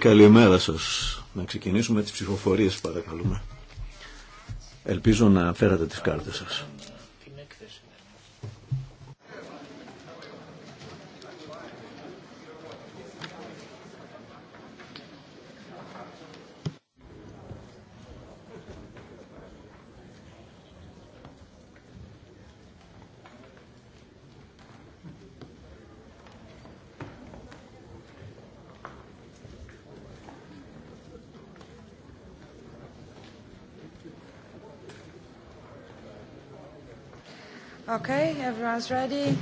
Καλημέρα σας. Να ξεκινήσουμε τις ψηφοφορίες παρακαλούμε. Ελπίζω να φέρατε τις κάρτες σας. ready.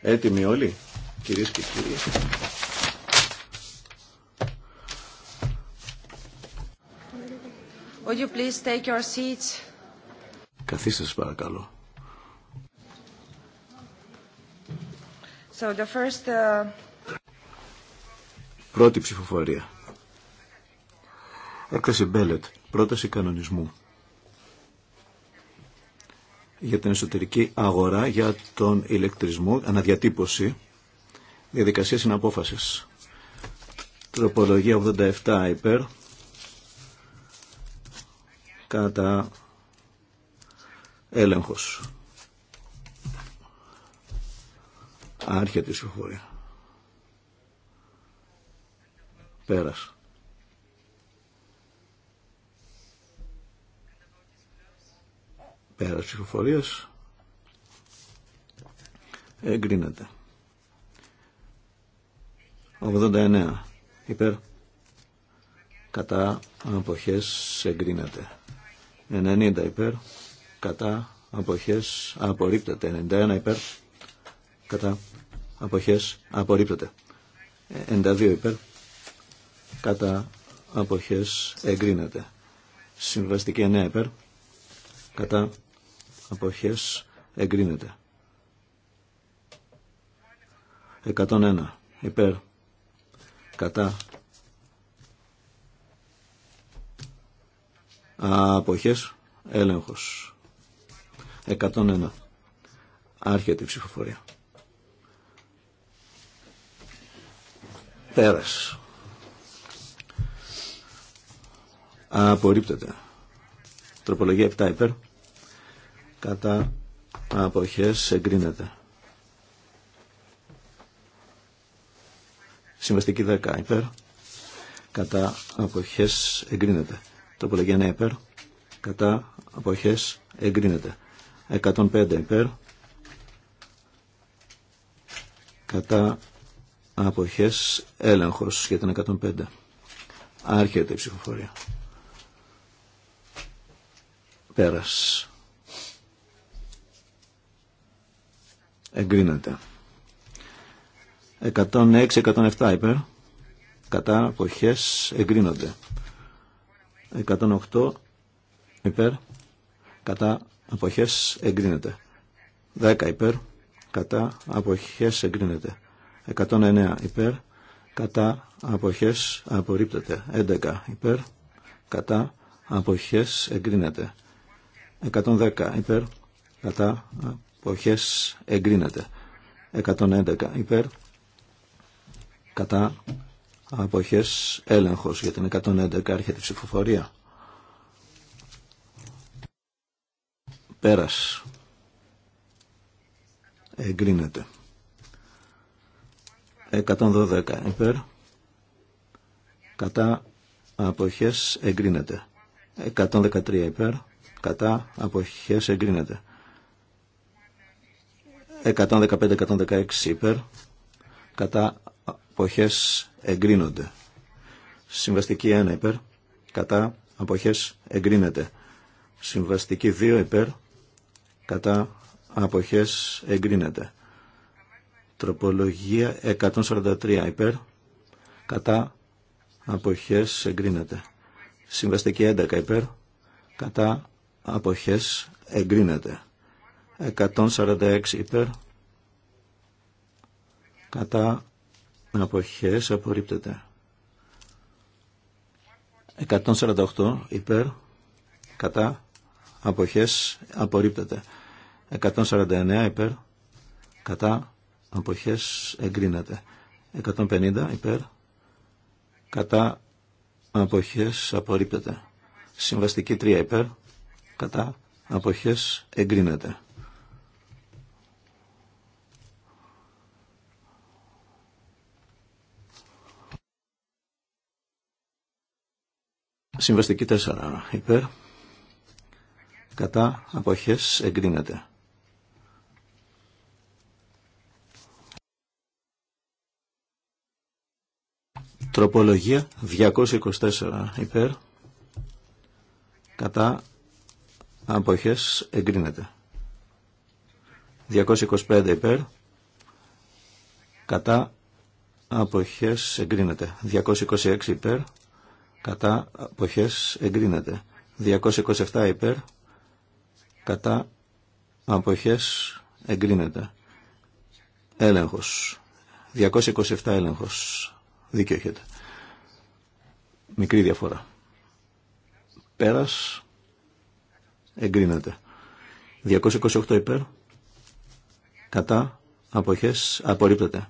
Έτοιμοι όλοι, κυρίες και κύριοι. Would you please take your seats? Καθίστε σας παρακαλώ. So the first, uh... Πρώτη ψηφοφορία. Έκθεση Μπέλετ, πρόταση κανονισμού για την εσωτερική αγορά, για τον ηλεκτρισμό, αναδιατύπωση, διαδικασία συναπόφασης. Τροπολογία 87 υπέρ, κατά έλεγχος. Άρχεται η συγχωρία. Πέρασε. της ψηφοφορίας εγκρίνεται. 89 υπέρ κατά αποχές εγκρίνεται. 90 υπέρ κατά αποχές απορρίπτεται. 91 υπέρ κατά αποχές απορρίπτεται. 92 υπέρ κατά αποχές εγκρίνεται. Συμβαστική 9 υπέρ κατά αποχές εγκρίνεται. 101 υπέρ κατά αποχές έλεγχος. 101 άρχεται η ψηφοφορία. Πέρας. Απορρίπτεται. Τροπολογία 7 υπέρ κατά αποχές εγκρίνεται. Συμβαστική 10 υπέρ κατά αποχές εγκρίνεται. Το 1 υπέρ κατά αποχές εγκρίνεται. 105 υπέρ κατά αποχές έλεγχος για την 105. Άρχεται η ψηφοφορία. Πέρας. εγκρίνεται. 106-107 υπέρ, κατά αποχές εγκρίνονται. 108 υπέρ, κατά αποχές εγκρίνεται. 10 υπέρ, κατά αποχές εγκρίνεται. 109 υπέρ, κατά αποχές απορρίπτεται. 11 υπέρ, κατά αποχές εγκρίνεται. 110 υπέρ, κατά εποχές εγκρίνεται 111 υπέρ κατά αποχές έλεγχος για την 111 της ψηφοφορία πέρας εγκρίνεται 112 υπέρ κατά αποχές εγκρίνεται 113 υπέρ κατά αποχές εγκρίνεται 115-116 υπέρ κατά αποχές εγκρίνονται. Συμβαστική 1 υπέρ κατά αποχές εγκρίνεται. Συμβαστική 2 υπέρ κατά αποχές εγκρίνεται. Τροπολογία 143 υπέρ κατά αποχές εγκρίνεται. Συμβαστική 11 υπέρ κατά αποχές εγκρίνεται. 146 υπέρ κατά αποχές απορρίπτεται 148 υπέρ κατά αποχές απορρίπτεται 149 υπέρ κατά αποχές εγκρίνεται 150 υπέρ κατά αποχές απορρίπτεται συμβαστική 3 υπέρ κατά αποχές εγκρίνεται Συμβαστική 4 υπέρ. Κατά αποχές εγκρίνεται. Τροπολογία 224 υπέρ. Κατά αποχές εγκρίνεται. 225 υπέρ. Κατά αποχές εγκρίνεται. 226 υπέρ κατά αποχές εγκρίνεται. 227 υπέρ κατά αποχές εγκρίνεται. Έλεγχος. 227 έλεγχος. Δίκαιο έχετε. Μικρή διαφορά. Πέρας εγκρίνεται. 228 υπέρ κατά αποχές απορρίπτεται.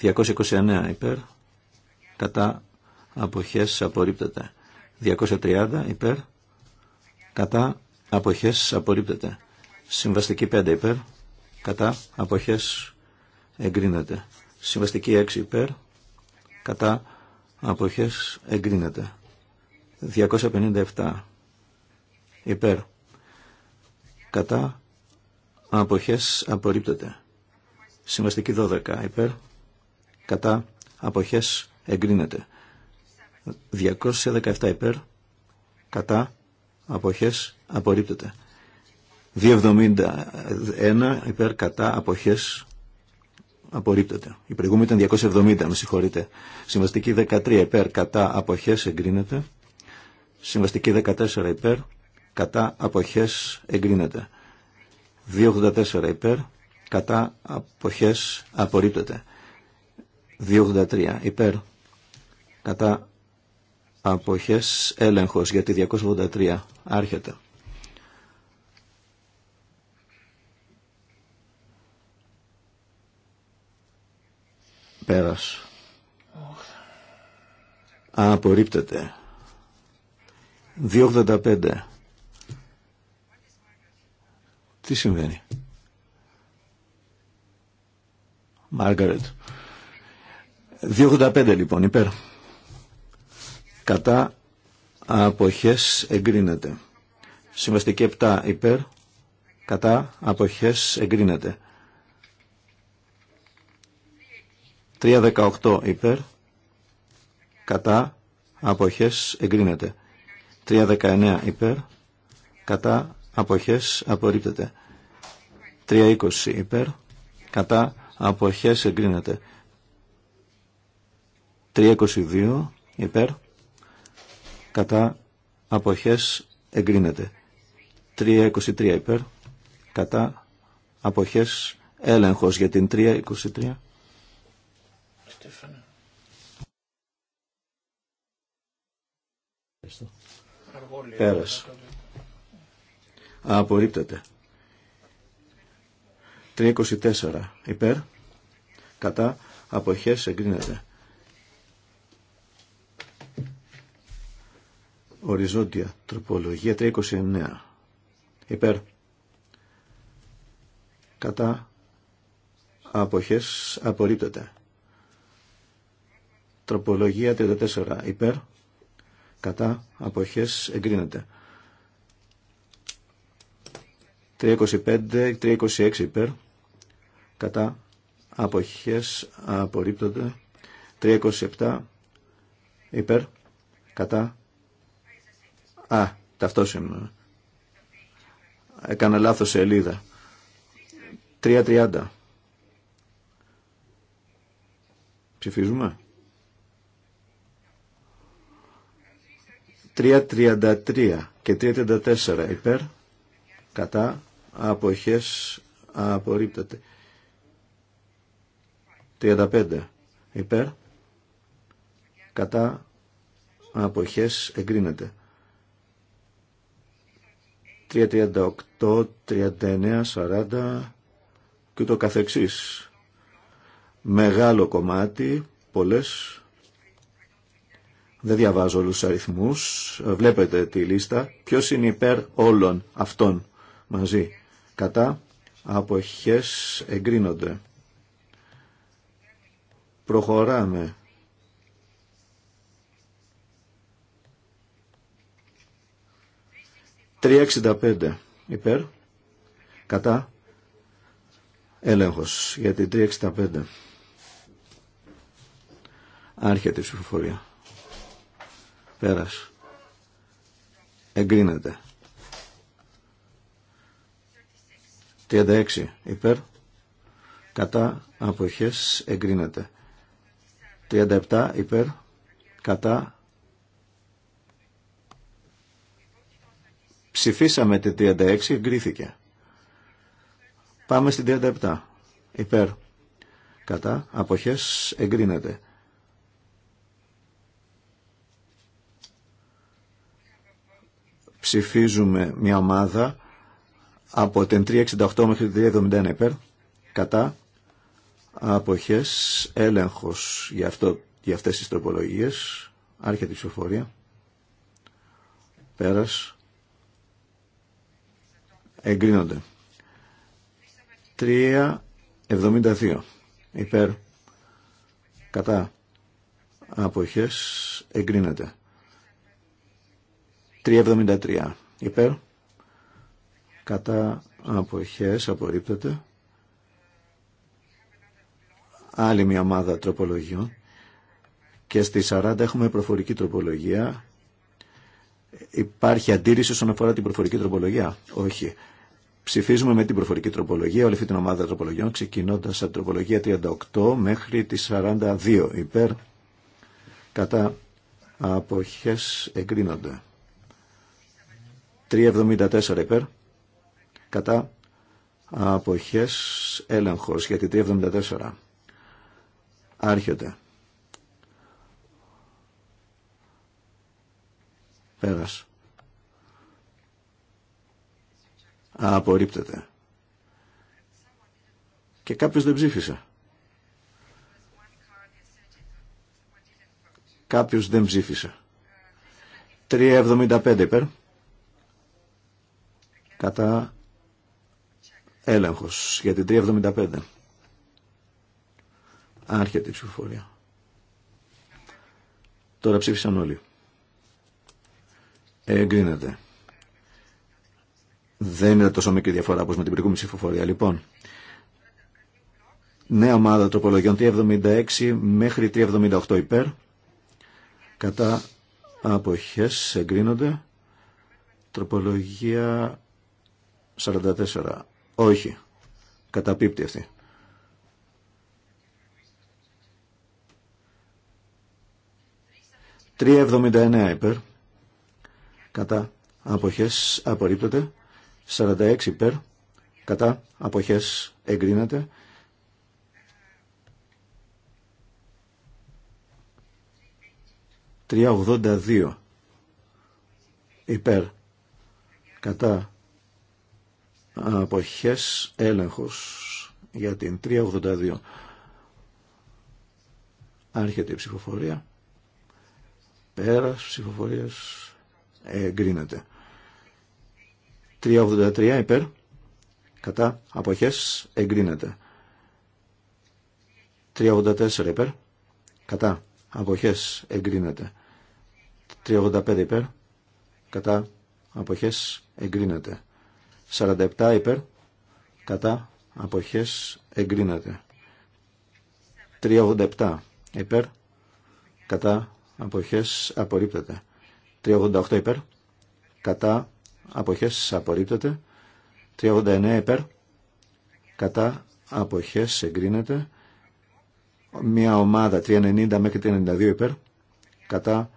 229 υπέρ κατά αποχές απορρίπτεται. 230 υπέρ κατά αποχές απορρίπτεται. Συμβαστική 5 υπέρ κατά αποχές εγκρίνεται. Συμβαστική 6 υπέρ κατά αποχές εγκρίνεται. 257 υπέρ κατά αποχές απορρίπτεται. Συμβαστική 12 υπέρ κατά αποχές εγκρίνεται. 217 υπέρ, κατά, αποχές, απορρίπτεται. 271 υπέρ, κατά, αποχές, απορρίπτεται. Η προηγούμενη ήταν 270, με συγχωρείτε. Συμβαστική 13 υπέρ, κατά, αποχές, εγκρίνεται. Συμβαστική 14 υπέρ, κατά, αποχές, εγκρίνεται. 284 υπέρ, κατά, αποχές, απορρίπτεται. 283 υπέρ, κατά, αποχές έλεγχος για τη 283 άρχεται πέρας απορρίπτεται 285 τι συμβαίνει Μάργαρετ 285 λοιπόν υπέρ κατά αποχές εγκρίνεται. Συμβαστική 7 υπέρ κατά αποχές εγκρίνεται. 318 υπέρ κατά αποχές εγκρίνεται. 319 υπέρ κατά αποχές απορρίπτεται. 320 υπέρ κατά αποχές εγκρίνεται. 322 υπέρ κατά αποχές εγκρίνεται. 3.23 υπέρ κατά αποχές έλεγχος για την 3.23. Πέρας. Απορρίπτεται. 3.24 υπέρ κατά αποχές εγκρίνεται. Οριζόντια τροπολογία 329. Υπέρ. Κατά αποχές απορρίπτεται. Τροπολογία 34. Υπέρ. Κατά αποχές εγκρίνεται. 325, 326 υπέρ. Κατά αποχές απορρίπτονται. 327 υπέρ. Κατά Α, ταυτόσημα. Έκανα λάθος σελίδα. 3.30. Ψηφίζουμε. 3.33 και 3.34 υπέρ, κατά, αποχές, απορρίπτεται. 35 υπέρ, κατά, αποχές, εγκρίνεται. 338, 39, 40 και το καθεξής. Μεγάλο κομμάτι, πολλές. Δεν διαβάζω όλους τους αριθμούς. Βλέπετε τη λίστα. Ποιος είναι υπέρ όλων αυτών μαζί. Κατά αποχές εγκρίνονται. Προχωράμε. 365 υπέρ, κατά, έλεγχος για την 365. Άρχεται η ψηφοφορία. Πέρας. Εγκρίνεται. 36 υπέρ, κατά, αποχές, εγκρίνεται. 37 υπέρ, κατά, Ψηφίσαμε τη 36, εγκρίθηκε. Πάμε στην 37. Υπέρ. Κατά. Αποχές εγκρίνεται. Ψηφίζουμε μια ομάδα από την 368 μέχρι την 371 υπέρ. Κατά. Αποχές έλεγχος για, αυτό, για αυτές τις τροπολογίες. Άρχεται η ψηφοφορία. Πέρας εγκρίνονται. 3.72 υπέρ κατά αποχές εγκρίνεται. 3.73 υπέρ κατά αποχές απορρίπτεται. Άλλη μια ομάδα τροπολογιών και στη 40 έχουμε προφορική τροπολογία Υπάρχει αντίρρηση όσον αφορά την προφορική τροπολογία. Όχι. Ψηφίζουμε με την προφορική τροπολογία όλη αυτή την ομάδα τροπολογιών, ξεκινώντα από τροπολογία 38 μέχρι τη 42. Υπέρ κατά αποχές εγκρίνονται. 374 υπέρ κατά αποχές απόχέσ για τη 374. Άρχεται. Πέρας. Απορρίπτεται. Και κάποιος δεν ψήφισε. Κάποιος δεν ψήφισε. 3.75 υπέρ. Κατά έλεγχος για την 3.75. Άρχεται η ψηφοφορία. Τώρα ψήφισαν όλοι εγκρίνεται. Δεν είναι τόσο μικρή διαφορά όπως με την προηγούμενη ψηφοφορία. Λοιπόν, νέα ομάδα τροπολογιών 376 μέχρι 378 υπέρ. Κατά αποχές εγκρίνονται. Τροπολογία 44. Όχι. Καταπίπτει αυτή. «3.79 υπέρ» κατά αποχές απορρίπτεται 46 υπέρ κατά αποχές εγκρίνεται 382 υπέρ κατά αποχές έλεγχος για την 382 άρχεται η ψηφοφορία πέρας ψηφοφορίας εγκρίνεται. 383 υπέρ κατά αποχές εγκρίνεται. 384 υπέρ κατά αποχές εγκρίνεται. 385 υπέρ κατά αποχές εγκρίνεται. 47 υπέρ κατά αποχές εγκρίνεται. 387 υπέρ κατά αποχές απορρίπτεται. 388 υπέρ. Κατά αποχές απορρίπτεται. 389 υπέρ. Κατά αποχές εγκρίνεται. Μια ομάδα 390 μέχρι 392 υπέρ. Κατά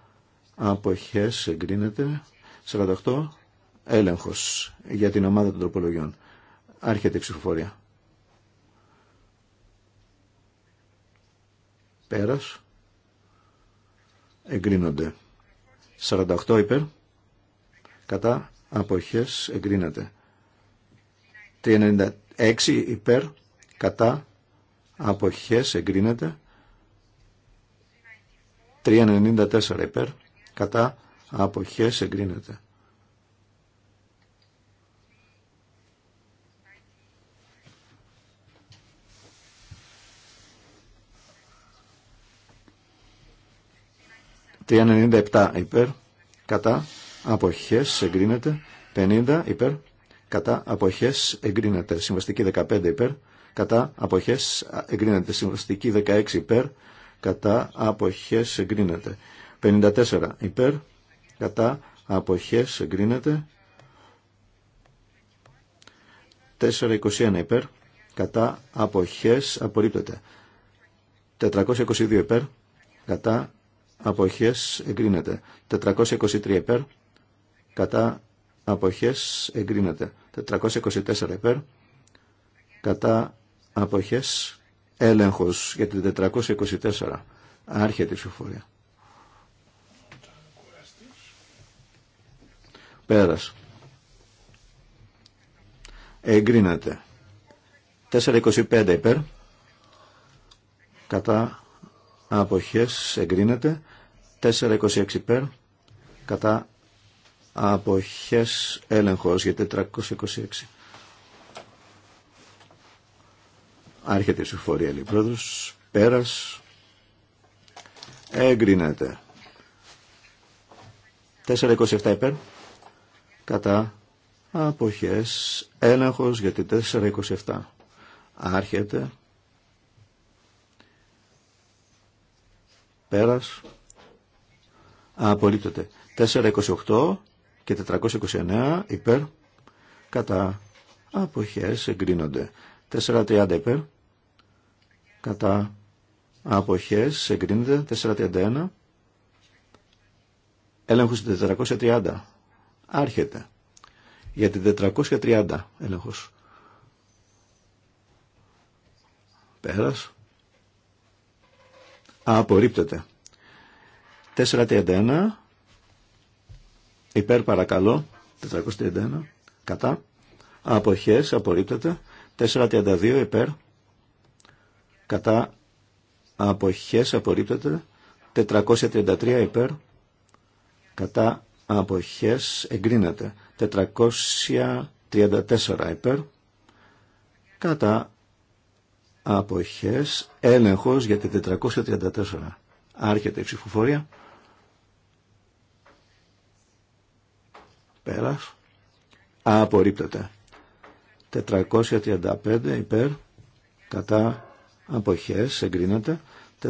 αποχές εγκρίνεται. 48 έλεγχος για την ομάδα των τροπολογιών. Άρχεται η ψηφοφορία. Πέρας. Εγκρίνονται. 48 υπέρ κατά αποχές εγκρίνεται 96 υπέρ κατά αποχές εγκρίνεται 394 υπέρ κατά αποχές εγκρίνεται 397 υπέρ, κατά, αποχές, εγκρίνεται. 50 υπέρ, κατά, αποχές, εγκρίνεται. Συμβαστική 15 υπέρ, κατά, αποχές, εγκρίνεται. Συμβαστική 16 υπέρ, κατά, αποχές, εγκρίνεται. 54 υπέρ, κατά, αποχές, εγκρίνεται. 421 υπέρ, κατά αποχές απορρίπτεται. 422 υπέρ, κατά αποχές εγκρίνεται. 423 υπέρ, κατά αποχές εγκρίνεται. 424 υπέρ, κατά αποχές έλεγχος για την 424. Άρχεται η ψηφοφορία. Πέρας. Εγκρίνεται. 425 υπέρ, κατά αποχές εγκρίνεται 426 υπέρ κατά αποχές έλεγχος για 426 άρχεται η συμφορία λέει πρόεδρος πέρας εγκρίνεται 427 υπέρ κατά αποχές έλεγχος για 427 άρχεται Πέρας. Α, απολύτωται. 428 και 429 υπέρ. Κατά. Αποχές εγκρίνονται. 430 υπέρ. Κατά. Αποχές εγκρίνονται. 431. Έλεγχος 430. Άρχεται. Για την 430 έλεγχος. Πέρας. Απορρίπτεται. 431. Υπέρ παρακαλώ. 431. Κατά. Αποχές. Απορρίπτεται. 432. Υπέρ. Κατά. Αποχές. Απορρίπτεται. 433. Υπέρ. Κατά. Αποχές. Εγκρίνεται. 434. Υπέρ. Κατά αποχές έλεγχος για την 434 άρχεται η ψηφοφορία πέρας απορρίπτεται 435 υπέρ κατά αποχές εγκρίνεται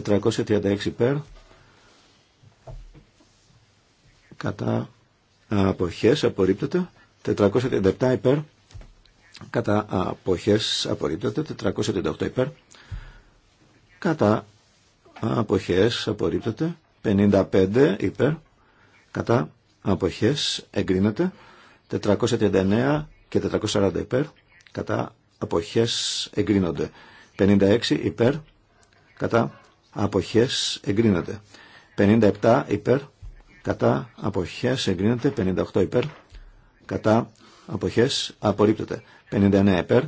436 υπέρ κατά αποχές απορρίπτεται 437 υπέρ κατά αποχές απορρίπτεται 438 υπέρ κατά αποχές απορρίπτεται 55 υπέρ κατά αποχές εγκρίνεται 439 και 440 υπέρ κατά αποχές εγκρίνονται 56 υπέρ κατά αποχές εγκρίνεται 57 υπέρ κατά αποχές εγκρίνεται 58 υπέρ κατά αποχές απορρίπτεται 59 υπέρ,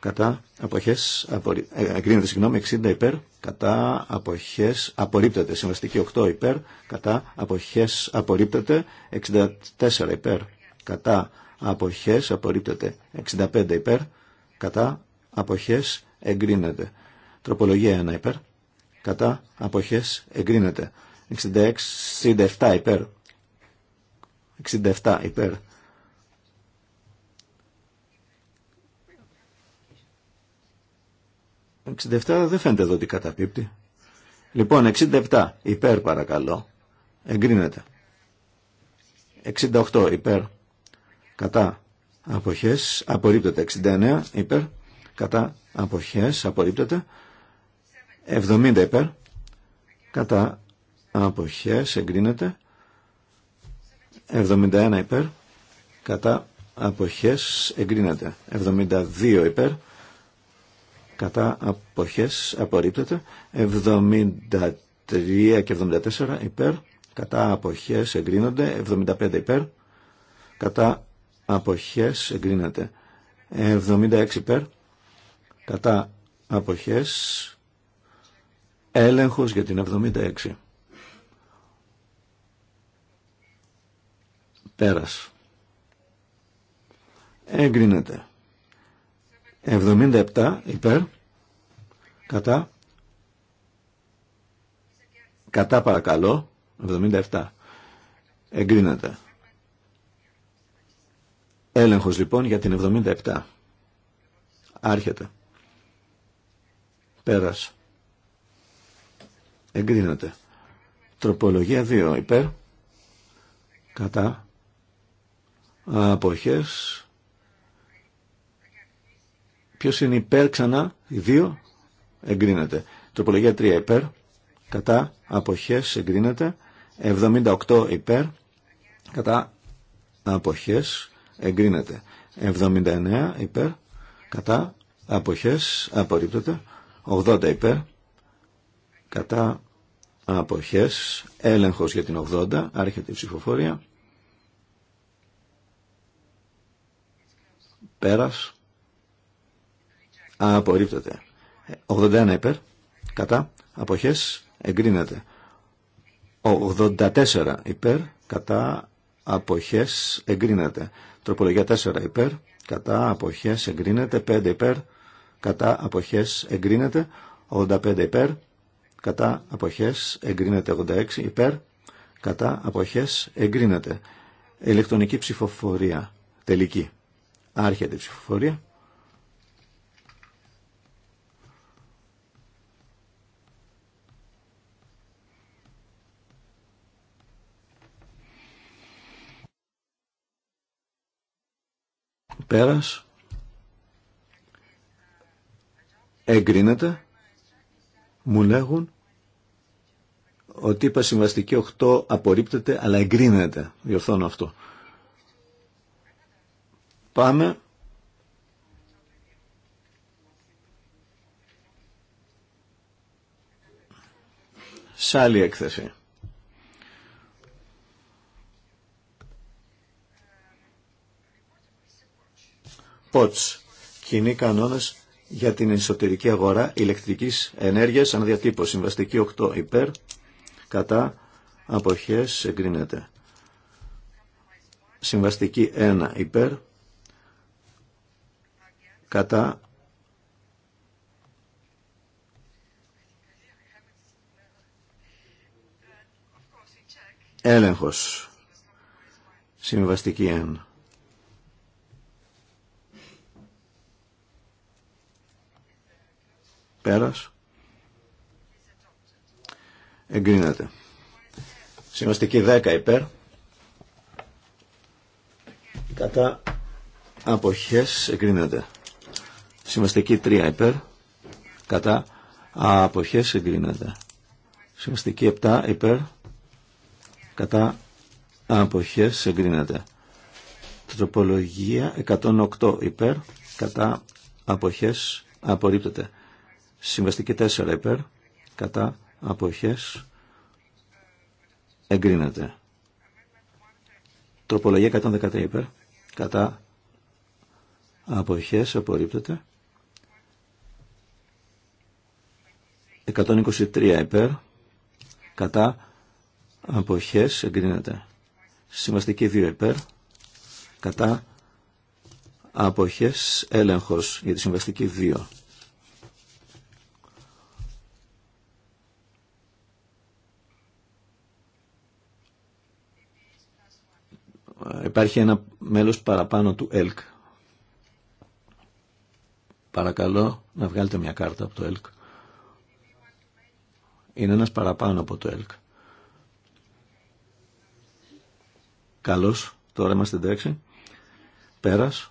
κατά αποχές, απορρίπτεται ε, εγκρίνεται συγγνώμη, 60 υπέρ, κατά αποχές, απορρίπτεται. Συμβαστική 8 υπέρ, κατά αποχές, απορρίπτεται. 64 υπέρ, κατά αποχές, απορρίπτεται. 65 υπέρ, κατά αποχές, εγκρίνεται. Τροπολογία 1 υπέρ, κατά αποχές, εγκρίνεται. 66, 67 υπέρ, 67 υπέρ, 67 δεν φαίνεται εδώ ότι καταπίπτει. Λοιπόν, 67 υπέρ παρακαλώ. Εγκρίνεται. 68 υπέρ. Κατά αποχές. Απορρίπτεται. 69 υπέρ. Κατά αποχές. Απορρίπτεται. 70 υπέρ. Κατά αποχές. Εγκρίνεται. 71 υπέρ. Κατά αποχές. Εγκρίνεται. 72 υπέρ κατά αποχές απορρίπτεται 73 και 74 υπέρ κατά αποχές εγκρίνονται 75 υπέρ κατά αποχές εγκρίνεται 76 υπέρ κατά αποχές έλεγχος για την 76 πέρας εγκρίνεται 77 υπέρ κατά κατά παρακαλώ 77 εγκρίνεται έλεγχος λοιπόν για την 77 άρχεται πέρας εγκρίνεται τροπολογία 2 υπέρ κατά αποχές Ποιος είναι υπέρ ξανά, οι δύο, εγκρίνεται. Τροπολογία 3 υπέρ, κατά αποχές εγκρίνεται. 78 υπέρ, κατά αποχές εγκρίνεται. 79 υπέρ, κατά αποχές απορρίπτεται. 80 υπέρ, κατά αποχές, έλεγχος για την 80, άρχεται η ψηφοφορία. Πέρας απορρίπτεται. 81 υπέρ, κατά, αποχές, εγκρίνεται. 84 υπέρ, κατά, αποχές, εγκρίνεται. Τροπολογία 4 υπέρ, κατά, αποχές, εγκρίνεται. 5 υπέρ, κατά, αποχές, εγκρίνεται. 85 υπέρ, κατά, αποχές, εγκρίνεται. 86 υπέρ, κατά, αποχές, εγκρίνεται. Ηλεκτρονική ψηφοφορία, τελική. Άρχεται η ψηφοφορία. Πέρας. Εγκρίνεται. Μου λέγουν ότι είπα συμβαστική 8 απορρίπτεται αλλά εγκρίνεται. Διορθώνω αυτό. Πάμε. σε άλλη έκθεση. POTS, Κοινή κανόνε για την εσωτερική αγορά ηλεκτρικής ενέργειας αναδιατύπωση. Συμβαστική 8 υπέρ, κατά αποχές εγκρίνεται. Συμβαστική 1 υπέρ, κατά έλεγχος. Συμβαστική 1. Πέρας. Εγκρίνεται. Συμβαστική 10 υπέρ. Κατά αποχές εγκρίνεται. Συμβαστική 3 υπέρ. Κατά αποχές εγκρίνεται. Συμβαστική 7 υπέρ. Κατά αποχές εγκρίνεται. Τροπολογία 108 υπέρ. Κατά αποχές απορρίπτεται. Συμβαστική 4 υπέρ, κατά αποχές εγκρίνεται. Τροπολογία 113 υπέρ, κατά αποχές απορρίπτεται. 123 υπέρ, κατά αποχές εγκρίνεται. Συμβαστική 2 υπέρ, κατά αποχές έλεγχος για τη συμβαστική 2. Υπάρχει ένα μέλος παραπάνω του ΕΛΚ. Παρακαλώ να βγάλετε μια κάρτα από το ΕΛΚ. Είναι ένας παραπάνω από το ΕΛΚ. Καλώς, τώρα είμαστε εντάξει. Πέρας.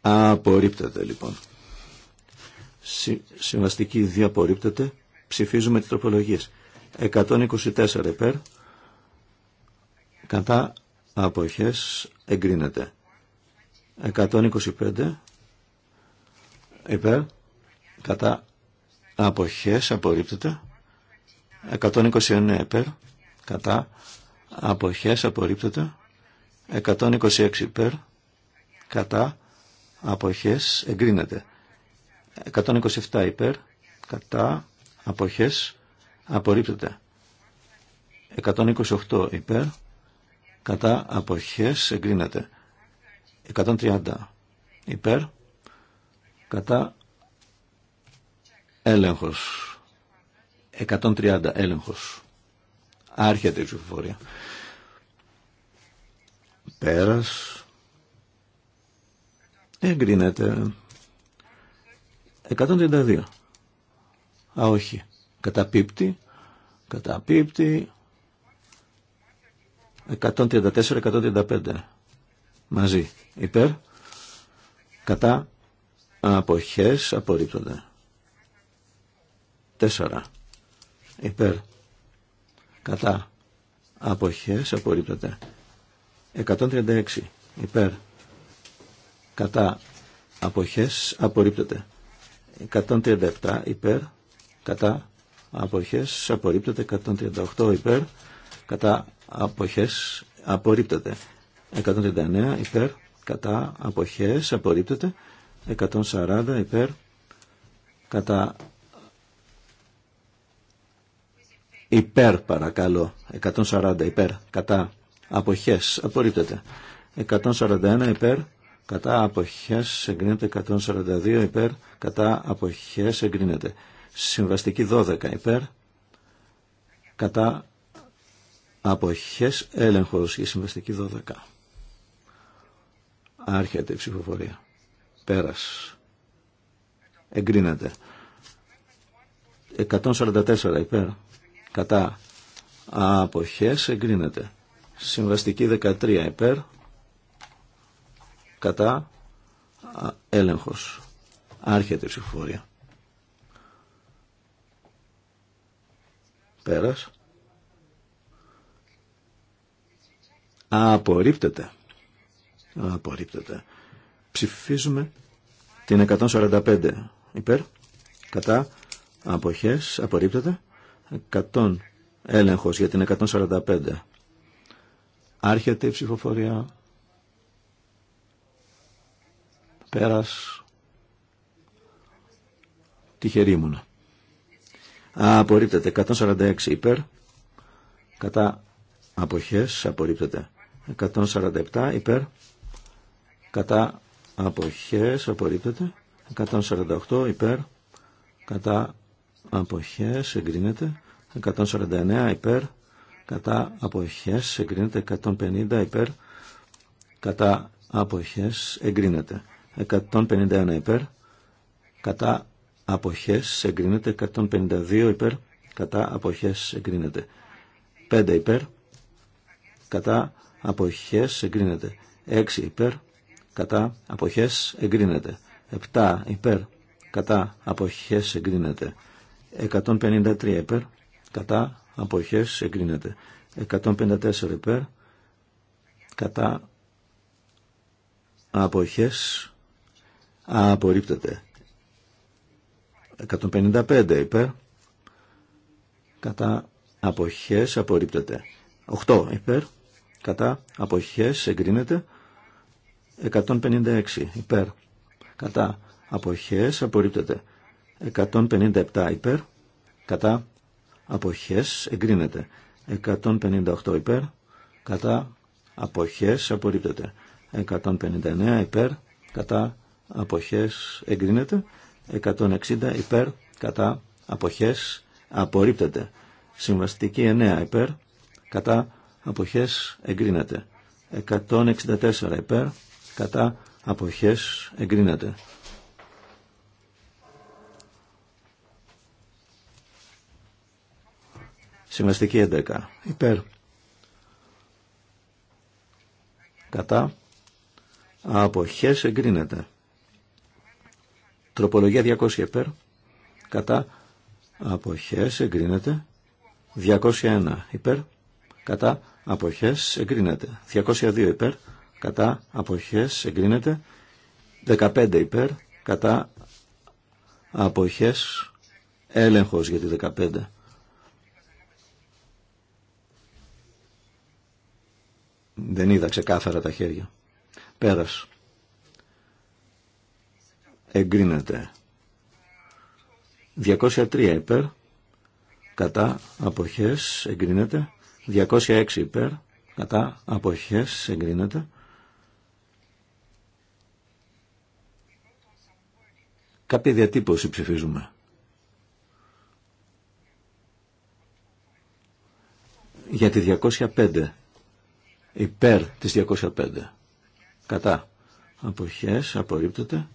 Απορρίπτεται λοιπόν. Συ, συμβαστική 2 απορρίπτεται. Ψηφίζουμε τις τροπολογίες. 124 υπέρ κατά αποχές εγκρίνεται. 125 υπέρ κατά αποχές απορρίπτεται. 129 υπέρ κατά αποχές απορρίπτεται. 126 υπέρ κατά αποχές εγκρίνεται. 127 υπέρ κατά αποχές απορρίπτεται. 128 υπέρ κατά αποχές εγκρίνεται 130 υπέρ κατά έλεγχος 130 έλεγχος άρχεται η ψηφοφορία πέρας εγκρίνεται 132 α όχι καταπίπτει καταπίπτει 134-135 μαζί υπέρ κατά αποχές απορρίπτονται 4 υπέρ κατά αποχές απορρίπτονται 136 υπέρ κατά αποχές απορρίπτονται. 137 υπέρ κατά αποχές απορρίπτονται. 138 υπέρ κατά αποχές απορρίπτεται. 139 υπέρ κατά αποχές απορρίπτεται. 140 υπέρ κατά υπέρ παρακαλώ. 140 υπέρ κατά αποχές απορρίπτεται. 141 υπέρ κατά αποχές εγκρίνεται. 142 υπέρ κατά αποχές εγκρίνεται. Συμβαστική 12 υπέρ κατά Αποχές έλεγχος η συμβαστική 12. Άρχεται η ψηφοφορία. Πέρας. Εγκρίνεται. 144 υπέρ. Κατά. Αποχές εγκρίνεται. Συμβαστική 13 υπέρ. Κατά. Έλεγχος. Άρχεται η ψηφοφορία. Πέρας. Απορρίπτεται. Απορρίπτεται. Ψηφίζουμε την 145. Υπέρ. Κατά. Αποχές. Απορρίπτεται. 100. Έλεγχος για την 145. Άρχεται η ψηφοφορία. Πέρας. Τυχερή ήμουνα. Απορρίπτεται. 146 υπέρ. Κατά αποχές απορρίπτεται. 147 υπέρ κατά αποχές απορρίπτεται 148 υπέρ κατά αποχές εγκρίνεται 149 υπέρ κατά αποχές εγκρίνεται 150 υπέρ κατά αποχές εγκρίνεται 151 υπέρ κατά αποχές εγκρίνεται 152 υπέρ κατά αποχές εγκρίνεται 5 υπέρ κατά αποχές εγκρίνεται. 6 υπέρ κατά αποχές εγκρίνεται. 7 υπέρ κατά αποχές εγκρίνεται. 153 υπέρ κατά αποχές εγκρίνεται. 154 υπέρ κατά αποχές απορρίπτεται. 155 υπέρ κατά αποχές απορρίπτεται. 8 υπέρ κατά αποχές εγκρίνεται 156 υπέρ κατά αποχές απορρίπτεται 157 υπέρ κατά αποχές εγκρίνεται 158 υπέρ κατά αποχές απορρίπτεται 159 υπέρ κατά αποχές εγκρίνεται 160 υπέρ κατά αποχές απορρίπτεται συμβαστική 9 υπέρ κατά αποχές εγκρίνεται. 164 υπέρ κατά αποχές εγκρίνεται. 11 υπέρ κατά αποχές εγκρίνεται. Τροπολογία 200 υπέρ κατά αποχές εγκρίνεται. 201 υπέρ κατά αποχές εγκρίνεται. 202 υπέρ κατά αποχές εγκρίνεται. 15 υπέρ κατά αποχές έλεγχος για τη 15. Δεν είδα ξεκάθαρα τα χέρια. Πέρας. Εγκρίνεται. 203 υπέρ. Κατά αποχές εγκρίνεται. 206 υπέρ κατά αποχές εγκρίνεται. Κάποια διατύπωση ψηφίζουμε. Για τη 205. Υπέρ της 205. Κατά. Αποχές. Απορρίπτεται.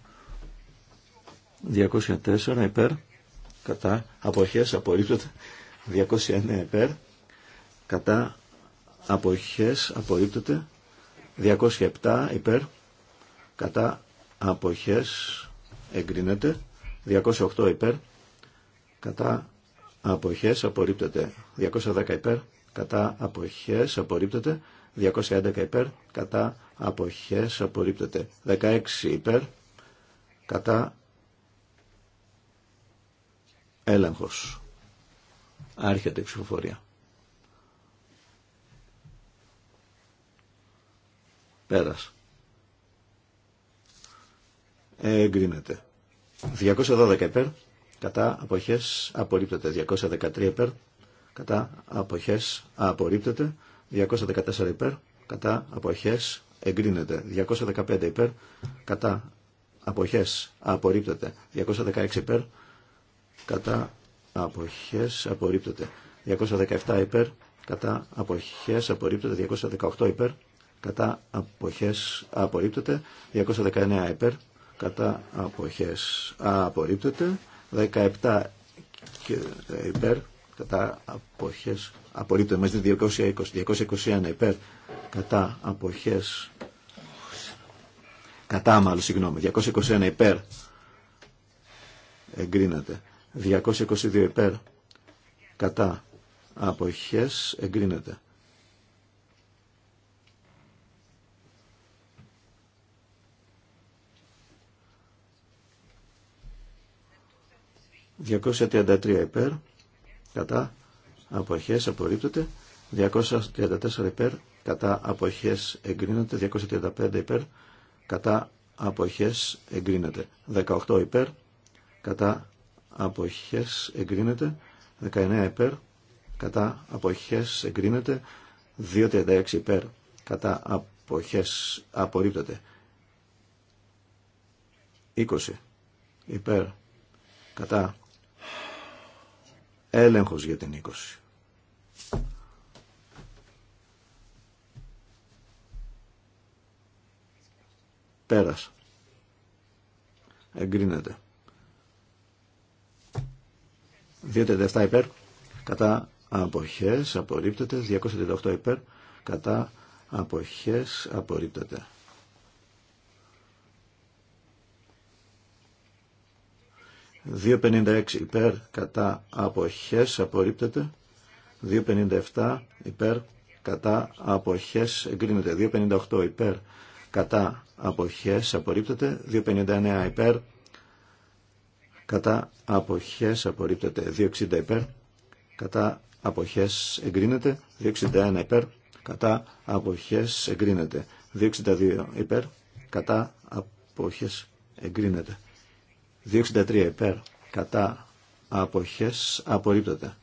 204 υπέρ. Κατά. Αποχές. Απορρίπτεται. 209 υπέρ κατά αποχές απορρίπτεται 207 υπέρ κατά αποχές εγκρίνεται 208 υπέρ κατά αποχές απορρίπτεται 210 υπέρ κατά αποχές απορρίπτεται 211 υπέρ κατά αποχές απορρίπτεται 16 υπέρ κατά έλεγχος άρχεται η ψηφοφορία Πέρας. Εγκρίνεται. 212 υπέρ. Κατά αποχές απορρίπτεται. 213 υπέρ. Κατά αποχές απορρίπτεται. 214 υπέρ. Κατά αποχές εγκρίνεται. 215 υπέρ. Κατά αποχές απορρίπτεται. 216 υπέρ. Κατά αποχές απορρίπτεται. 217 υπέρ. Κατά αποχές απορρίπτεται. 218 υπέρ κατά αποχές απορρίπτεται 219 υπέρ κατά αποχές απορρίπτεται 17 ε, υπέρ κατά αποχές απορρίπτεται μαζί 220 221 υπέρ κατά αποχές κατά μάλλον συγγνώμη 221 υπέρ εγκρίνεται 222 υπέρ κατά αποχές εγκρίνεται 233 υπέρ, κατά αποχές απορρίπτεται, 234 υπέρ, κατά αποχές εγκρίνεται, 235 υπέρ, κατά αποχές εγκρίνεται, 18 υπέρ, κατά αποχές εγκρίνεται, 19 υπέρ, κατά αποχές εγκρίνεται, 236 υπέρ, κατά αποχές απορρίπτεται, 20 υπέρ, κατά Έλεγχος για την 20. Πέρας. Εγκρίνεται. 2.37 υπέρ κατά αποχές απορρίπτεται. 238 υπέρ κατά αποχές απορρίπτεται. 2.56 υπέρ κατά αποχές απορρίπτεται. 2.57 υπέρ κατά αποχές εγκρίνεται. 2.58 υπέρ κατά αποχές απορρίπτεται. 2.59 υπέρ κατά αποχές απορρίπτεται. 2.60 υπέρ κατά αποχές εγκρίνεται. 2.61 υπέρ κατά αποχές εγκρίνεται. 2.62 υπέρ κατά αποχές εγκρίνεται. 263 υπέρ κατά αποχές απορρίπτεται.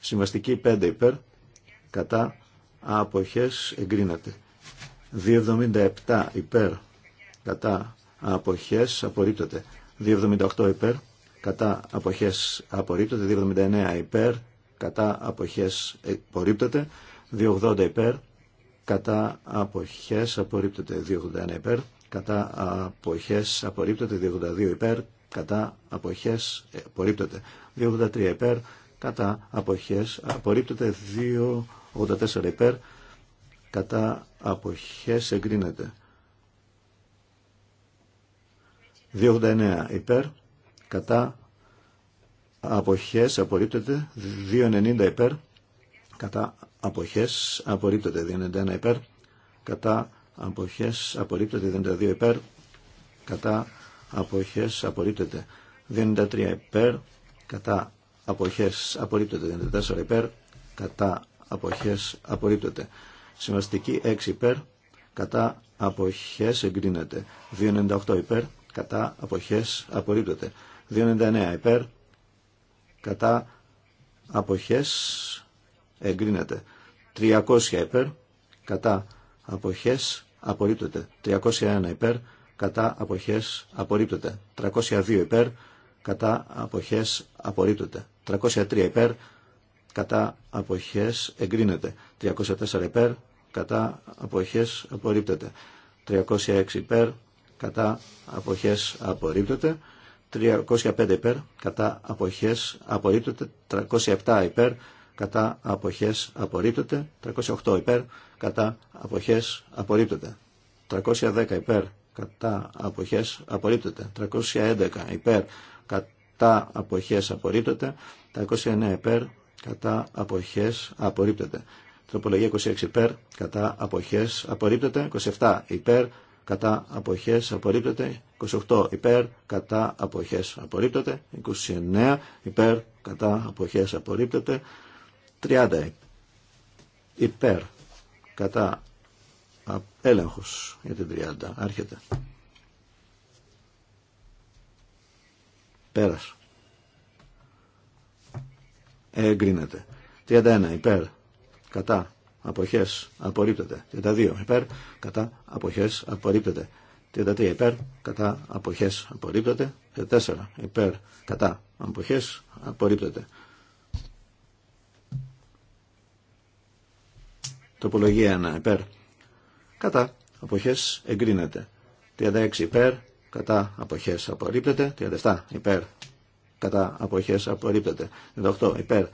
Συμβαστική 5 υπέρ κατά αποχές εγκρίνεται. 277 υπέρ κατά αποχές απορρίπτεται. 278 υπέρ κατά αποχές απορρίπτεται. 279 υπέρ κατά αποχές απορρίπτεται. 280 υπέρ κατά αποχές απορρίπτεται 281 υπέρ, κατά αποχές απορρίπτεται 282 υπέρ, κατά αποχές απορρίπτεται 283 υπέρ, κατά αποχές απορρίπτεται 284 υπέρ, κατά αποχές εγκρίνεται 289 υπέρ, κατά αποχές απορρίπτεται 290 υπέρ, κατά αποχές απορρίπτονται 91 υπέρ κατά αποχές απορρίπτονται 92 υπέρ κατά αποχές απορρίπτεται 93 υπέρ κατά αποχές απορρίπτεται 94 υπέρ κατά αποχές απορρίπτονται. συμβαστική 6 υπέρ κατά αποχές εγκρίνεται 298 υπέρ κατά αποχές απορρίπτονται. 299 υπέρ κατά αποχές εγκρίνεται. 300 υπέρ, κατά αποχές απορρίπτεται. 301 υπέρ, κατά αποχές απορρίπτεται. 302 υπέρ, κατά αποχές απορρίπτεται. 303 υπέρ, κατά αποχές εγκρίνεται. 304 υπέρ, κατά αποχές απορρίπτεται. 306 υπέρ, κατά αποχές απορρίπτεται. 305 υπέρ, κατά αποχές απορρίπτεται. 307 υπέρ, κατά αποχές απορρίπτεται, 308 υπέρ, κατά αποχές απορρίπτεται, 310 υπέρ, κατά αποχές απορρίπτεται, 311 υπέρ, κατά αποχές απορρίπτεται, 309 υπέρ, κατά αποχές απορρίπτεται. Τροπολογία 26 υπέρ, κατά αποχές απορρίπτεται, 27 υπέρ, κατά αποχές απορρίπτεται, 28 υπέρ, κατά αποχές απορρίπτεται, 29 υπέρ, κατά αποχές απορρίπτεται, 30 υπέρ κατά έλεγχος για την 30 άρχεται πέρας εγκρίνεται 31 υπέρ κατά αποχές απορρίπτεται 32 υπέρ κατά αποχές απορρίπτεται 33 υπέρ κατά αποχές απορρίπτεται 4 υπέρ κατά αποχές απορρίπτεται Τοπολογία 1 υπέρ. Κατά Αποχέ. εγκρίνεται. 36 υπέρ. Κατά Αποχέ. απορρίπτεται. 37 υπέρ. Κατά Αποχέ. απορρίπτεται. 38 υπέρ.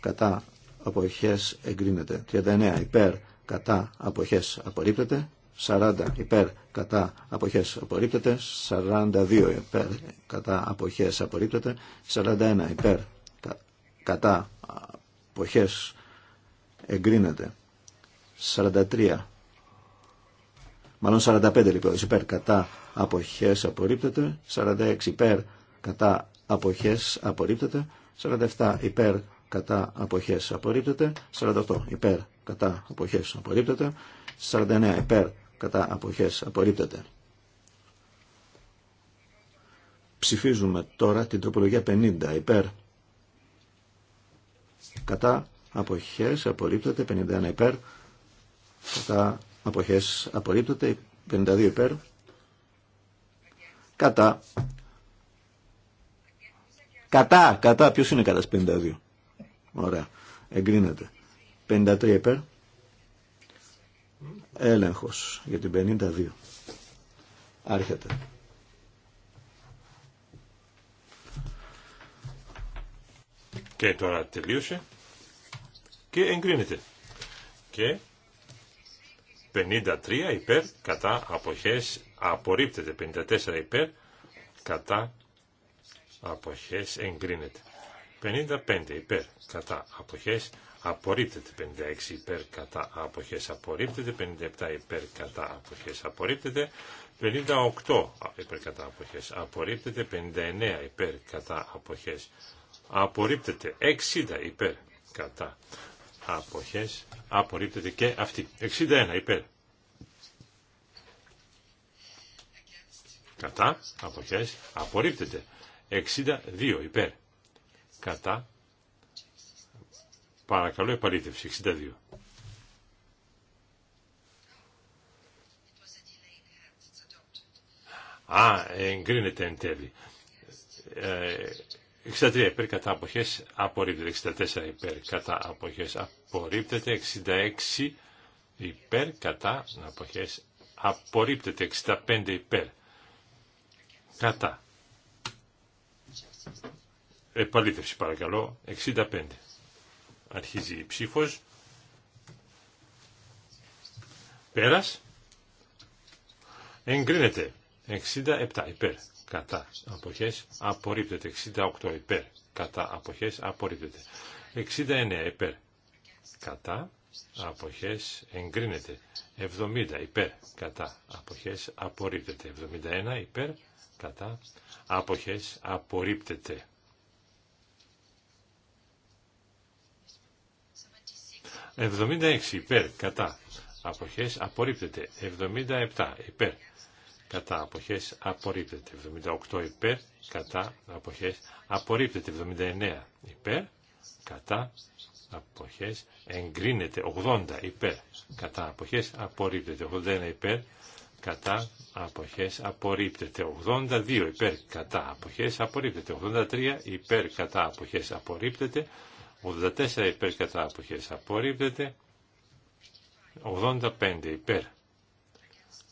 Κατά Αποχέ. εγκρίνεται. 39 υπέρ. Κατά Αποχέ. απορρίπτεται. 40 υπέρ κατά αποχέ απορρίπτεται, 42 υπέρ κατά αποχέ απορρίπτεται, 41 υπέρ κα, κατά αποχέ εγκρίνεται. 43. Μάλλον 45 λοιπόν. Υπέρ κατά αποχές απορρίπτεται. 46 υπέρ κατά αποχές απορρίπτεται. 47 υπέρ κατά αποχές απορρίπτεται. 48 υπέρ κατά αποχές απορρίπτεται. 49 υπέρ κατά αποχές απορρίπτεται. Ψηφίζουμε τώρα την τροπολογία 50 υπέρ κατά αποχές απορρίπτεται. 51 υπέρ κατά αποχές απορρίπτωται 52 υπέρ κατά κατά κατά ποιος είναι κατά 52 ωραία εγκρίνεται 53 υπέρ έλεγχος για την 52 άρχεται και τώρα τελείωσε και εγκρίνεται και 53 υπέρ κατά αποχές απορρίπτεται 54 υπέρ κατά αποχές εγκρίνεται 55 υπέρ κατά αποχές απορρίπτεται 56 υπέρ κατά αποχές απορρίπτεται 57 υπέρ κατά αποχές απορρίπτεται 58 υπέρ κατά αποχές απορρίπτεται 59 υπέρ κατά αποχές απορρίπτεται 60 υπέρ κατά αποχές απορρίπτεται και αυτή. 61 υπέρ. Κατά αποχές απορρίπτεται. 62 υπέρ. Κατά παρακαλώ επαλήθευση. 62. Α, εγκρίνεται εν τέλει. Ε, 63 υπέρ κατά αποχές απορρίπτεται. 64 υπέρ κατά αποχές απορρίπτεται. 66 υπέρ κατά αποχές απορρίπτεται. 65 υπέρ κατά. Επαλήθευση παρακαλώ. 65. Αρχίζει η ψήφος. Πέρας. Εγκρίνεται. 67 υπέρ κατά αποχές απορρίπτεται. 68 υπέρ κατά αποχές απορρίπτεται. 69 υπέρ κατά αποχές εγκρίνεται. 70 υπέρ κατά αποχές απορρίπτεται. 71 υπέρ κατά αποχές απορρίπτεται. 76 υπέρ κατά αποχές απορρίπτεται. 77 υπέρ κατά αποχές απορρίπτεται. 78 υπέρ, κατά αποχές απορρίπτεται. 79 υπέρ, κατά αποχές εγκρίνεται. 80 υπέρ, κατά αποχές απορρίπτεται. 81 υπέρ, κατά αποχές απορρίπτεται. 82 υπέρ, κατά αποχές απορρίπτεται. 83 υπέρ, κατά αποχές απορρίπτεται. 84 υπέρ, κατά αποχές απορρίπτεται. 85 υπέρ,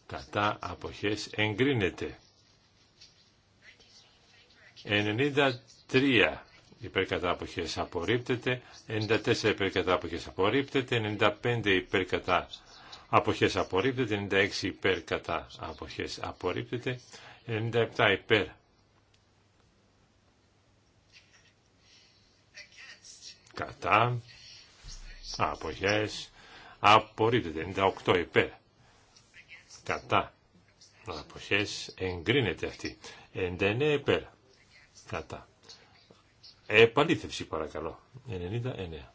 κατά αποχές εγκρίνεται. 93 υπέρ κατά αποχές απορρίπτεται, 94 υπέρ κατά αποχές απορρίπτεται, 95 υπέρ κατά αποχές απορρίπτεται, 96 υπέρ κατά αποχές απορρίπτεται, 97 υπέρ κατά αποχές απορρίπτεται, 98 υπέρ κατά αποχές εγκρίνεται αυτή. 99 επέρ. κατά. Επαλήθευση παρακαλώ. 99.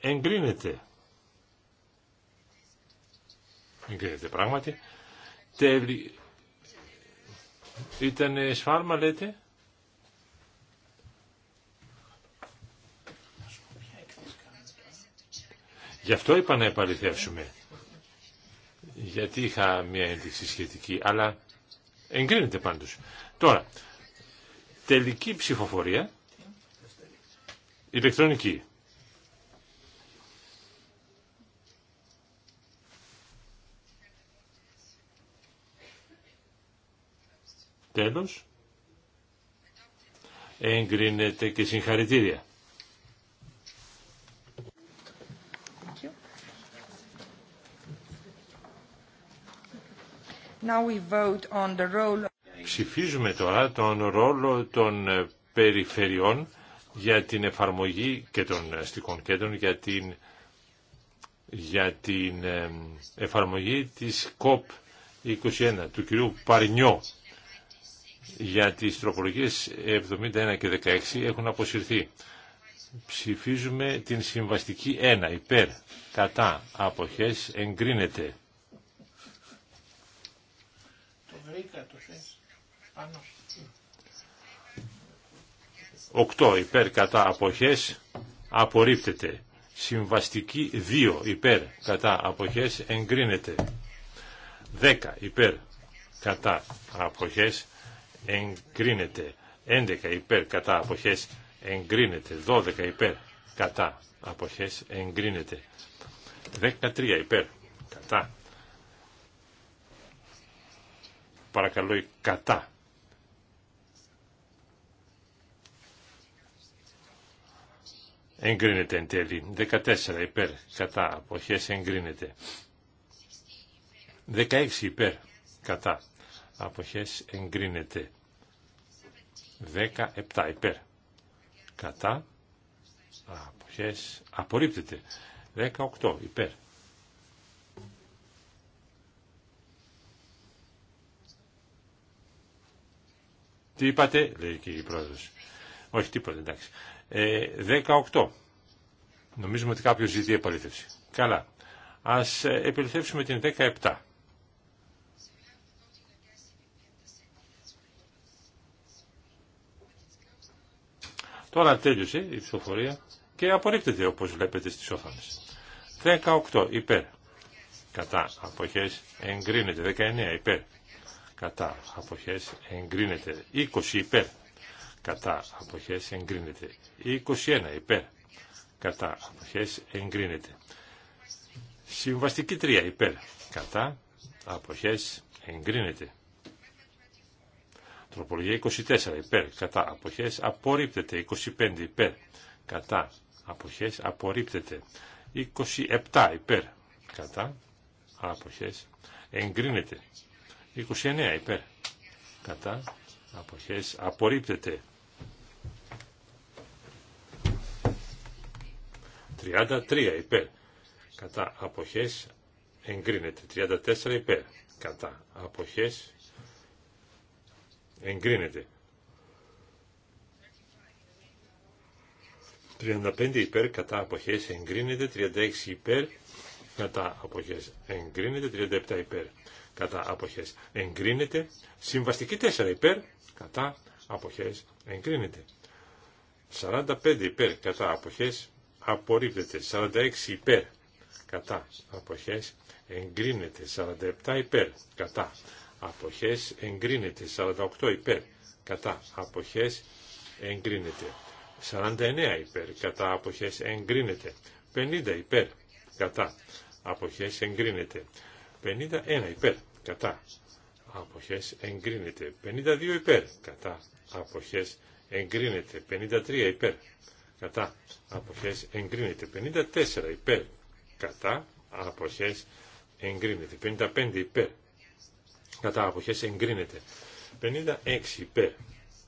Εγκρίνεται. Εγκρίνεται πράγματι. Ήταν σφάλμα λέτε. Γι' αυτό είπα να επαληθεύσουμε. Γιατί είχα μια ένδειξη σχετική, αλλά εγκρίνεται πάντως. Τώρα, τελική ψηφοφορία, ηλεκτρονική. Τέλος, εγκρίνεται και συγχαρητήρια. Ψηφίζουμε τώρα τον ρόλο των ε, περιφερειών για την εφαρμογή και των αστικών κέντρων για την, για την ε, εφαρμογή της COP21 του κυρίου Παρνιό για τις τροπολογίες 71 και 16 έχουν αποσυρθεί. Ψηφίζουμε την συμβαστική 1 υπέρ κατά αποχές εγκρίνεται βρήκα το 8 ε. υπέρ κατά αποχές απορρίπτεται. Συμβαστική 2 υπέρ κατά αποχές εγκρίνεται. 10 υπέρ κατά αποχές εγκρίνεται. 11 υπέρ κατά αποχές εγκρίνεται. 12 υπέρ κατά αποχές εγκρίνεται. 13 υπέρ κατά παρακαλώ η κατά. Εγκρίνεται εν τέλει. 14 υπέρ κατά αποχές εγκρίνεται. 16 υπέρ κατά αποχές εγκρίνεται. 17 υπέρ κατά αποχές απορρίπτεται. 18 υπέρ Τι είπατε, λέει και η πρόεδρος. Όχι, τίποτα, εντάξει. Ε, 18. Νομίζουμε ότι κάποιος ζητεί επαλήθευση. Καλά. Ας ε, επιληθεύσουμε την 17. Τώρα τέλειωσε η ψηφοφορία και απορρίπτεται όπως βλέπετε στις όθανες. 18 υπέρ. Κατά αποχές εγκρίνεται. 19 υπέρ κατά αποχές εγκρίνεται 20 υπέρ κατά αποχές εγκρίνεται 21 υπέρ κατά αποχές εγκρίνεται συμβαστική 3 υπέρ κατά αποχές εγκρίνεται τροπολογία 24 υπέρ κατά αποχές απορρίπτεται 25 υπέρ κατά αποχές απορρίπτεται 27 υπέρ κατά αποχές εγκρίνεται 29 υπέρ. Κατά. Αποχές. Απορρίπτεται. 33 υπέρ. Κατά. Αποχές. Εγκρίνεται. 34 υπέρ. Κατά. Αποχές. Εγκρίνεται. 35 υπέρ κατά αποχές εγκρίνεται, 36 υπέρ κατά αποχές εγκρίνεται, 37 υπέρ κατά αποχές εγκρίνεται. Συμβαστική 4 υπέρ κατά αποχές εγκρίνεται. 45 υπέρ κατά αποχές απορρίπτεται. 46 υπέρ κατά αποχές εγκρίνεται. 47 υπέρ κατά αποχές εγκρίνεται. 48 υπέρ κατά αποχές εγκρίνεται. 49 υπέρ κατά αποχές εγκρίνεται. 50 υπέρ κατά αποχές εγκρίνεται. 51 υπέρ κατά αποχές εγκρίνεται 52 υπέρ κατά αποχές εγκρίνεται 53 υπέρ κατά αποχές εγκρίνεται 54 υπέρ κατά αποχές εγκρίνεται 55 υπέρ κατά αποχές εγκρίνεται 56 υπέρ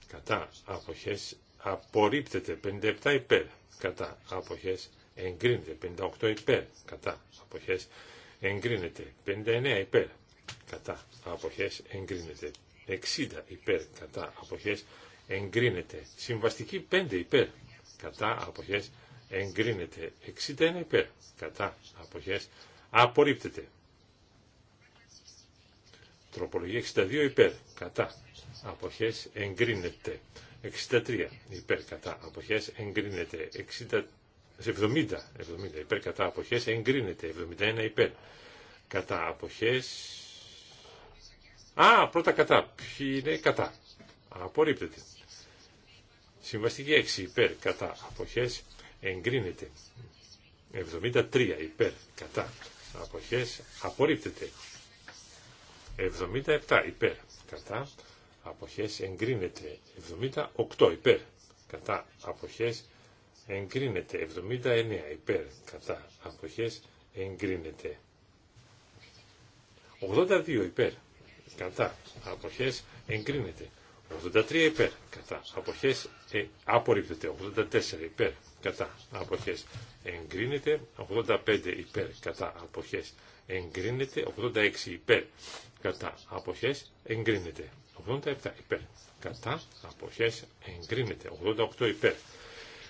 κατά αποχές απορρίπτεται 57 υπέρ κατά αποχές εγκρίνεται 58 υπέρ κατά αποχές εγκρίνεται 59 υπέρ κατά αποχές εγκρίνεται. 60 υπέρ κατά αποχές εγκρίνεται. Συμβαστική 5 υπέρ κατά αποχές εγκρίνεται. 61 υπέρ κατά αποχές απορρίπτεται. Τροπολογία 62 υπέρ κατά αποχές εγκρίνεται. 63 υπέρ κατά αποχές εγκρίνεται. 60 70, 70 υπέρ κατά αποχές εγκρίνεται, 71 υπέρ κατά αποχές Α, πρώτα κατά. Ποιοι είναι κατά. Απορρίπτεται. Συμβαστική 6 υπέρ κατά αποχές εγκρίνεται. 73 υπέρ κατά αποχές απορρίπτεται. 77 υπέρ κατά αποχές εγκρίνεται. 78 υπέρ κατά αποχές εγκρίνεται. 79 υπέρ κατά αποχές εγκρίνεται. 82 υπέρ κατά αποχές εγκρίνεται. 83 υπέρ κατά αποχές ε, απορρίπτεται. 84 υπέρ κατά αποχές εγκρίνεται. 85 υπέρ κατά αποχές εγκρίνεται. 86 υπέρ κατά αποχές εγκρίνεται. 87 υπέρ κατά αποχές εγκρίνεται. 88 υπέρ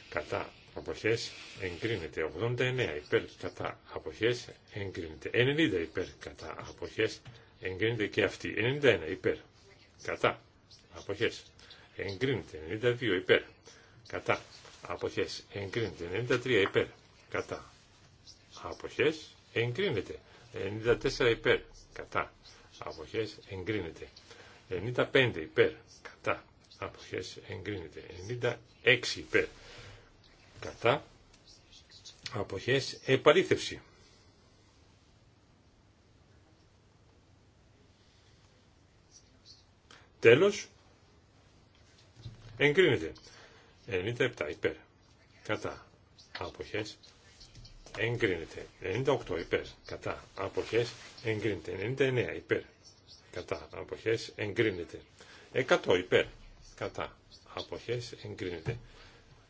κατά αποχές εγκρίνεται 89 υπέρ κατά αποχές εγκρίνεται 90 υπέρ κατά αποχές Εγκρίνεται και αυτή. 91 υπέρ. Κατά. Αποχές. Εγκρίνεται. 92 υπέρ. Κατά. Αποχέ. Εγκρίνεται. 93 υπέρ. Κατά. Αποχές. Εγκρίνεται. 94 υπέρ. Κατά. Αποχές. Εγκρίνεται. 95 υπέρ. Κατά. Αποχές. Εγκρίνεται. 96 υπέρ. Κατά. Αποχές. Επαλήθευση. Τέλος, εγκρίνεται. 97 υπέρ. Κατά. Αποχές. Εγκρίνεται. 98 υπέρ. Κατά. Αποχές. Εγκρίνεται. 99 υπέρ. Κατά. Αποχές. Εγκρίνεται. 100 υπέρ. Κατά. Αποχές. Εγκρίνεται.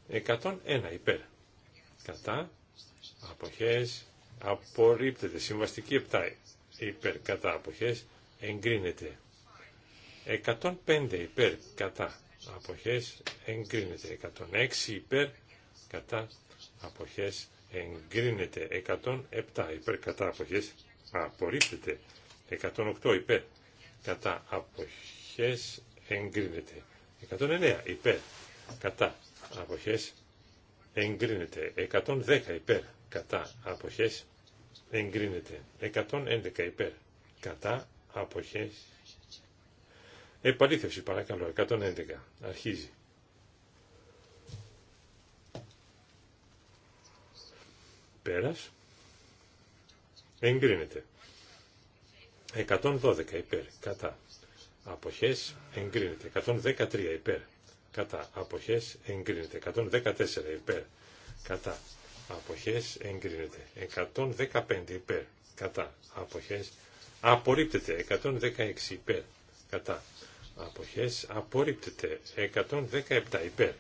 101 υπέρ. Κατά. Αποχές. Απορρίπτεται. Συμβαστική 7 υπέρ. Κατά. Αποχές. Εγκρίνεται. 105 υπέρ κατά αποχές εγκρίνεται. 106 υπέρ κατά αποχές εγκρίνεται. 107 υπέρ κατά αποχές απορρίπτεται. 108 υπέρ κατά αποχές εγκρίνεται. 109 υπέρ κατά αποχές εγκρίνεται. 110 υπέρ κατά αποχές εγκρίνεται. 111 υπέρ κατά αποχές Επαλήθευση παρακαλώ, 111. Αρχίζει. Πέρας. Εγκρίνεται. 112 υπέρ, κατά. Αποχές εγκρίνεται. 113 υπέρ, κατά. Αποχές εγκρίνεται. 114 υπέρ, κατά. Αποχές εγκρίνεται. 115 υπέρ, κατά. Αποχές απορρίπτεται. 116 υπέρ, κατά αποχές απορρίπτεται 117 υπέρ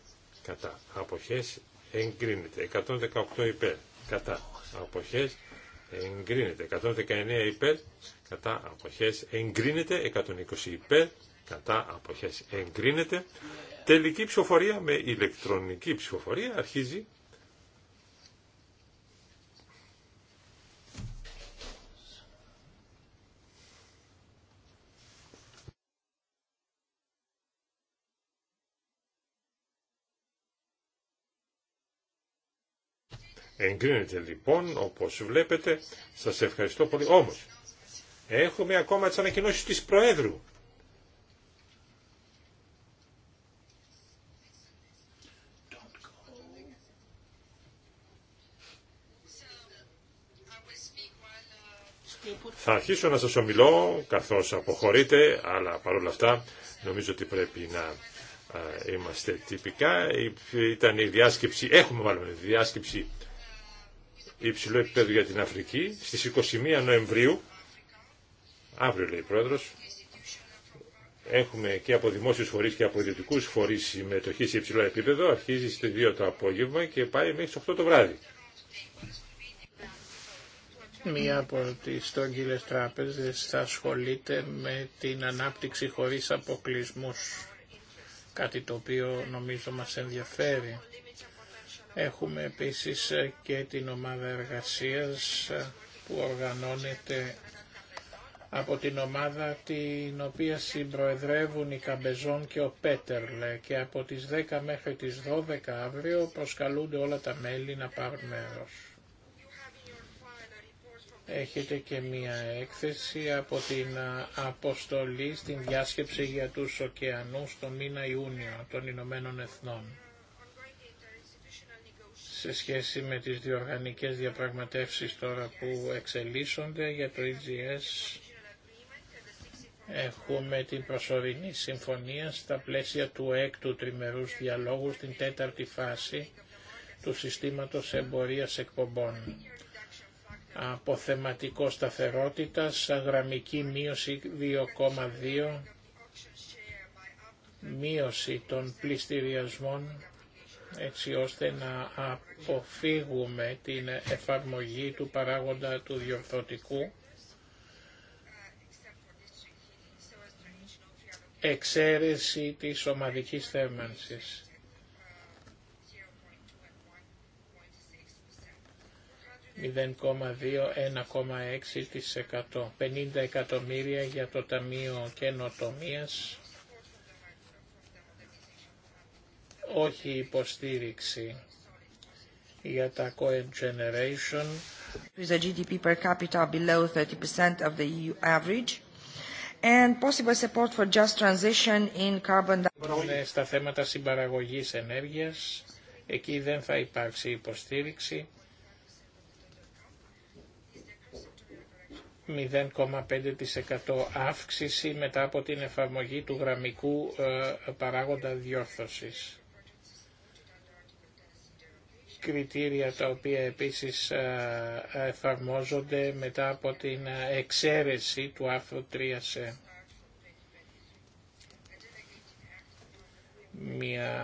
κατά αποχές εγκρίνεται 118 υπέρ κατά αποχές εγκρίνεται 119 υπέρ κατά αποχές εγκρίνεται 120 υπέρ κατά αποχές εγκρίνεται τελική ψηφοφορία με ηλεκτρονική ψηφοφορία αρχίζει Εγκρίνεται λοιπόν, όπως βλέπετε, σας ευχαριστώ πολύ. Όμως, έχουμε ακόμα τις ανακοινώσεις της Προέδρου. Θα αρχίσω να σας ομιλώ καθώς αποχωρείτε, αλλά παρόλα αυτά νομίζω ότι πρέπει να ε, είμαστε τυπικά. Ήταν η διάσκεψη, έχουμε μάλλον διάσκεψη υψηλό επίπεδο για την Αφρική στις 21 Νοεμβρίου, αύριο λέει η Πρόεδρος, έχουμε και από δημόσιους φορείς και από ιδιωτικού φορείς συμμετοχή σε υψηλό επίπεδο, αρχίζει στις 2 το απόγευμα και πάει μέχρι στις 8 το βράδυ. Μία από τις τόγγυλες τράπεζες θα ασχολείται με την ανάπτυξη χωρίς αποκλεισμούς, κάτι το οποίο νομίζω μας ενδιαφέρει Έχουμε επίσης ε, και την ομάδα εργασίας ε, που οργανώνεται από την ομάδα την οποία συμπροεδρεύουν οι Καμπεζόν και ο Πέτερλε και από τις 10 μέχρι τις 12 αύριο προσκαλούνται όλα τα μέλη να πάρουν μέρος. Έχετε και μία έκθεση από την ε, αποστολή στην διάσκεψη για τους ωκεανούς το μήνα Ιούνιο των Ηνωμένων Εθνών σε σχέση με τις διοργανικές διαπραγματεύσεις τώρα που εξελίσσονται για το EGS έχουμε την προσωρινή συμφωνία στα πλαίσια του έκτου τριμερούς διαλόγου στην τέταρτη φάση του συστήματος εμπορίας εκπομπών. Από θεματικό σταθερότητας, γραμμική μείωση 2,2, μείωση των πληστηριασμών έτσι ώστε να αποφύγουμε την εφαρμογή του παράγοντα του διορθωτικού εξαίρεση της ομαδικής θέρμανσης. 02 1,6%. 50 εκατομμύρια για το Ταμείο Καινοτομίας όχι υποστήριξη για τα Cohen Generation. With a GDP per capita below 30% of the EU average and possible support for just transition in carbon Στα θέματα συμπαραγωγής ενέργειας, εκεί δεν θα υπάρξει υποστήριξη. 0,5% αύξηση μετά από την εφαρμογή του γραμμικού ε, παράγοντα διόρθωσης κριτήρια τα οποία επίσης ε, εφαρμόζονται μετά από την ε, εξαίρεση του άρθρου σε Μια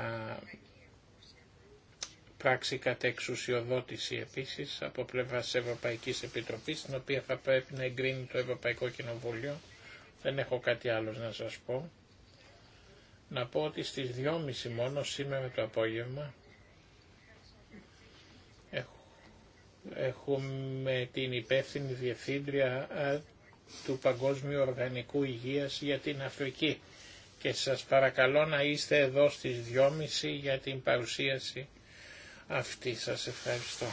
πράξη κατ' εξουσιοδότηση επίσης από πλευράς Ευρωπαϊκής Επιτροπής, την οποία θα πρέπει να εγκρίνει το Ευρωπαϊκό Κοινοβούλιο. Δεν έχω κάτι άλλο να σας πω. Να πω ότι στις 2.30 μόνο σήμερα το απόγευμα Έχουμε την υπεύθυνη διευθύντρια ε, του Παγκόσμιου Οργανικού Υγείας για την Αφρική και σας παρακαλώ να είστε εδώ στις 2.30 για την παρουσίαση αυτή. Σας ευχαριστώ.